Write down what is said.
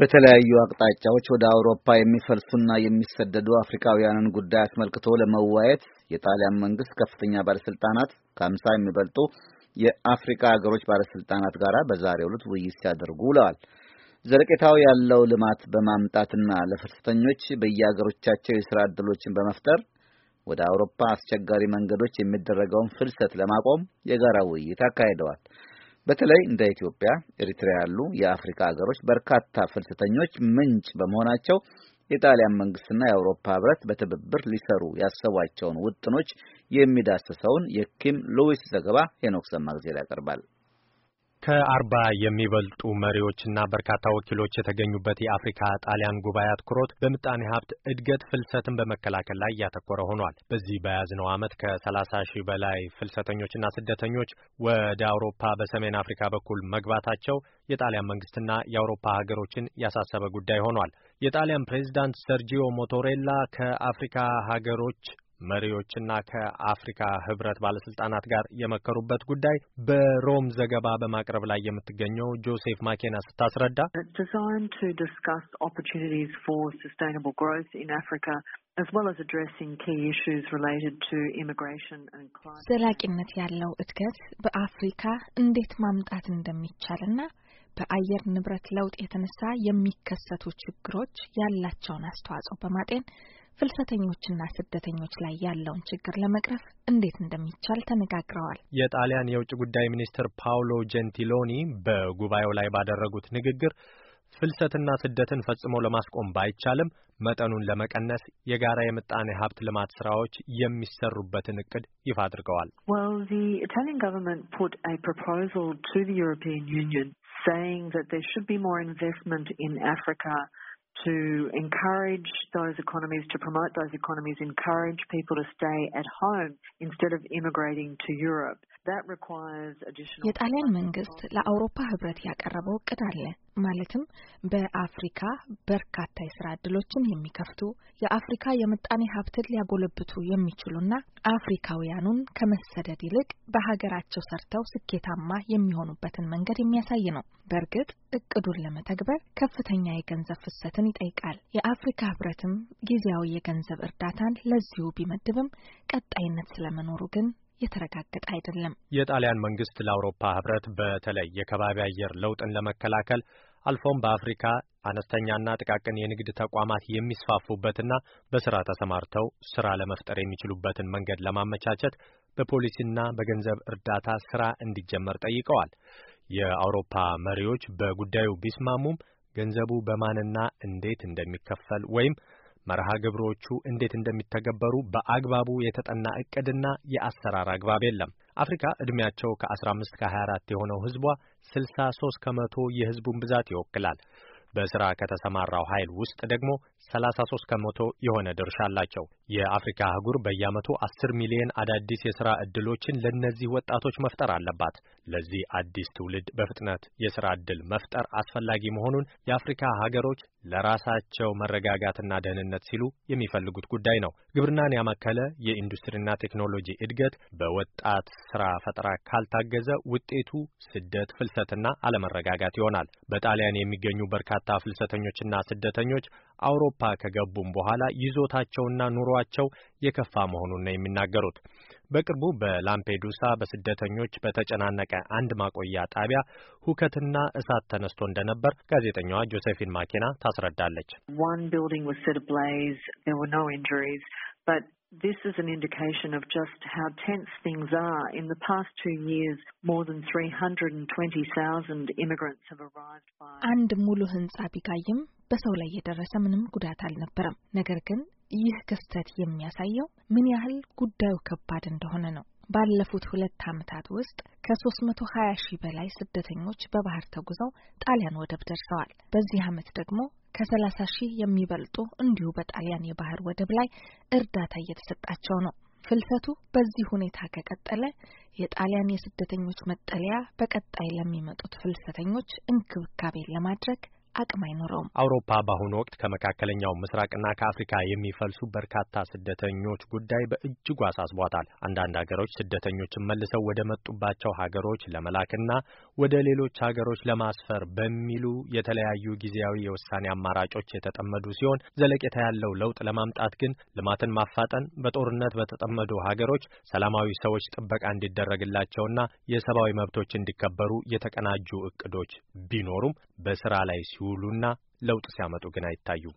በተለያዩ አቅጣጫዎች ወደ አውሮፓ የሚፈልሱና የሚሰደዱ አፍሪካውያንን ጉዳይ አስመልክቶ ለመወያየት የጣሊያን መንግስት ከፍተኛ ባለስልጣናት ከአምሳ የሚበልጡ የአፍሪካ ሀገሮች ባለስልጣናት ጋር በዛሬው ዕለት ውይይት ሲያደርጉ ውለዋል። ዘለቄታው ያለው ልማት በማምጣትና ለፍልሰተኞች በየሀገሮቻቸው የስራ ዕድሎችን በመፍጠር ወደ አውሮፓ አስቸጋሪ መንገዶች የሚደረገውን ፍልሰት ለማቆም የጋራ ውይይት አካሂደዋል። በተለይ እንደ ኢትዮጵያ፣ ኤሪትሪያ ያሉ የአፍሪካ ሀገሮች በርካታ ፍልሰተኞች ምንጭ በመሆናቸው የጣሊያን መንግስትና የአውሮፓ ህብረት በትብብር ሊሰሩ ያሰቧቸውን ውጥኖች የሚዳስሰውን የኪም ሉዊስ ዘገባ ሄኖክ ሰማግዜር ያቀርባል። ከአርባ የሚበልጡ መሪዎችና በርካታ ወኪሎች የተገኙበት የአፍሪካ ጣሊያን ጉባኤ አትኩሮት በምጣኔ ሀብት እድገት ፍልሰትን በመከላከል ላይ እያተኮረ ሆኗል። በዚህ በያዝነው ዓመት ከ30 ሺህ በላይ ፍልሰተኞችና ስደተኞች ወደ አውሮፓ በሰሜን አፍሪካ በኩል መግባታቸው የጣሊያን መንግስትና የአውሮፓ ሀገሮችን ያሳሰበ ጉዳይ ሆኗል። የጣሊያን ፕሬዚዳንት ሰርጂዮ ሞቶሬላ ከአፍሪካ ሀገሮች መሪዎችና ከአፍሪካ ህብረት ባለስልጣናት ጋር የመከሩበት ጉዳይ በሮም ዘገባ በማቅረብ ላይ የምትገኘው ጆሴፍ ማኬና ስታስረዳ ዘላቂነት ያለው እድገት በአፍሪካ እንዴት ማምጣት እንደሚቻልና በአየር ንብረት ለውጥ የተነሳ የሚከሰቱ ችግሮች ያላቸውን አስተዋጽኦ በማጤን ፍልሰተኞችና ስደተኞች ላይ ያለውን ችግር ለመቅረፍ እንዴት እንደሚቻል ተነጋግረዋል። የጣሊያን የውጭ ጉዳይ ሚኒስትር ፓውሎ ጀንቲሎኒ በጉባኤው ላይ ባደረጉት ንግግር ፍልሰትና ስደትን ፈጽሞ ለማስቆም ባይቻልም መጠኑን ለመቀነስ የጋራ የምጣኔ ሀብት ልማት ስራዎች የሚሰሩበትን እቅድ ይፋ አድርገዋል። to encourage those economies, to promote those economies, encourage people to stay at home instead of immigrating to Europe. That requires additional... የጣሊያን መንግስት ለአውሮፓ ህብረት ያቀረበው እቅድ አለ። ማለትም በአፍሪካ በርካታ የስራ እድሎችን የሚከፍቱ የአፍሪካ የምጣኔ ሀብትን ሊያጎለብቱ የሚችሉና አፍሪካውያኑን ከመሰደድ ይልቅ በሀገራቸው ሰርተው ስኬታማ የሚሆኑበትን መንገድ የሚያሳይ ነው። በእርግጥ እቅዱን ለመተግበር ከፍተኛ የገንዘብ ፍሰትን ይጠይቃል። የአፍሪካ ህብረትም ጊዜያዊ የገንዘብ እርዳታን ለዚሁ ቢመድብም ቀጣይነት ስለመኖሩ ግን የተረጋገጠ አይደለም። የጣሊያን መንግስት ለአውሮፓ ህብረት በተለይ የከባቢ አየር ለውጥን ለመከላከል አልፎም በአፍሪካ አነስተኛና ጥቃቅን የንግድ ተቋማት የሚስፋፉበትና በስራ ተሰማርተው ስራ ለመፍጠር የሚችሉበትን መንገድ ለማመቻቸት በፖሊሲና በገንዘብ እርዳታ ስራ እንዲጀመር ጠይቀዋል። የአውሮፓ መሪዎች በጉዳዩ ቢስማሙም ገንዘቡ በማንና እንዴት እንደሚከፈል ወይም መርሃ ግብሮቹ እንዴት እንደሚተገበሩ በአግባቡ የተጠና እቅድና የአሰራር አግባብ የለም። አፍሪካ ዕድሜያቸው ከ15 ከ24 የሆነው ህዝቧ 63 ከመቶ የህዝቡን ብዛት ይወክላል። በስራ ከተሰማራው ኃይል ውስጥ ደግሞ 33 ከመቶ የሆነ ድርሻ አላቸው። የአፍሪካ አህጉር በየአመቱ 10 ሚሊዮን አዳዲስ የስራ እድሎችን ለእነዚህ ወጣቶች መፍጠር አለባት። ለዚህ አዲስ ትውልድ በፍጥነት የስራ እድል መፍጠር አስፈላጊ መሆኑን የአፍሪካ ሀገሮች ለራሳቸው መረጋጋትና ደህንነት ሲሉ የሚፈልጉት ጉዳይ ነው። ግብርናን ያማከለ የኢንዱስትሪና ቴክኖሎጂ እድገት በወጣት ስራ ፈጠራ ካልታገዘ ውጤቱ ስደት፣ ፍልሰትና አለመረጋጋት ይሆናል። በጣሊያን የሚገኙ በርካታ ፍልሰተኞችና ስደተኞች አውሮፓ ከገቡም በኋላ ይዞታቸውና ኑሯቸው የከፋ መሆኑን ነው የሚናገሩት። በቅርቡ በላምፔዱሳ በስደተኞች በተጨናነቀ አንድ ማቆያ ጣቢያ ሁከትና እሳት ተነስቶ እንደነበር ጋዜጠኛዋ ጆሴፊን ማኬና ታስረዳለች። This is an indication of just how tense things are. In the past two years, more than 320,000 immigrants have arrived by... And Muluhan ህንጻ ቢጋይም በሰው ላይ የደረሰ ምንም ጉዳት አልነበረም። ነገር ይህ ክስተት የሚያሳየው ምን ያህል ጉዳዩ ከባድ እንደሆነ ነው። ባለፉት ሁለት ዓመታት ውስጥ ከ320 ሺህ በላይ ስደተኞች በባህር ተጉዘው ጣሊያን ወደብ ደርሰዋል። በዚህ ዓመት ደግሞ ከ30 ሺህ የሚበልጡ እንዲሁ በጣሊያን የባህር ወደብ ላይ እርዳታ እየተሰጣቸው ነው። ፍልሰቱ በዚህ ሁኔታ ከቀጠለ የጣሊያን የስደተኞች መጠለያ በቀጣይ ለሚመጡት ፍልሰተኞች እንክብካቤን ለማድረግ አቅም አይኖረውም። አውሮፓ በአሁኑ ወቅት ከመካከለኛው ምስራቅና ከአፍሪካ የሚፈልሱ በርካታ ስደተኞች ጉዳይ በእጅጉ አሳስቧታል። አንዳንድ ሀገሮች ስደተኞችን መልሰው ወደ መጡባቸው ሀገሮች ለመላክና ወደ ሌሎች ሀገሮች ለማስፈር በሚሉ የተለያዩ ጊዜያዊ የውሳኔ አማራጮች የተጠመዱ ሲሆን ዘለቄታ ያለው ለውጥ ለማምጣት ግን ልማትን ማፋጠን፣ በጦርነት በተጠመዱ ሀገሮች ሰላማዊ ሰዎች ጥበቃ እንዲደረግላቸውና የሰብአዊ መብቶች እንዲከበሩ የተቀናጁ እቅዶች ቢኖሩም በስራ ላይ ሲ ሲውሉና ለውጥ ሲያመጡ ግን አይታዩም።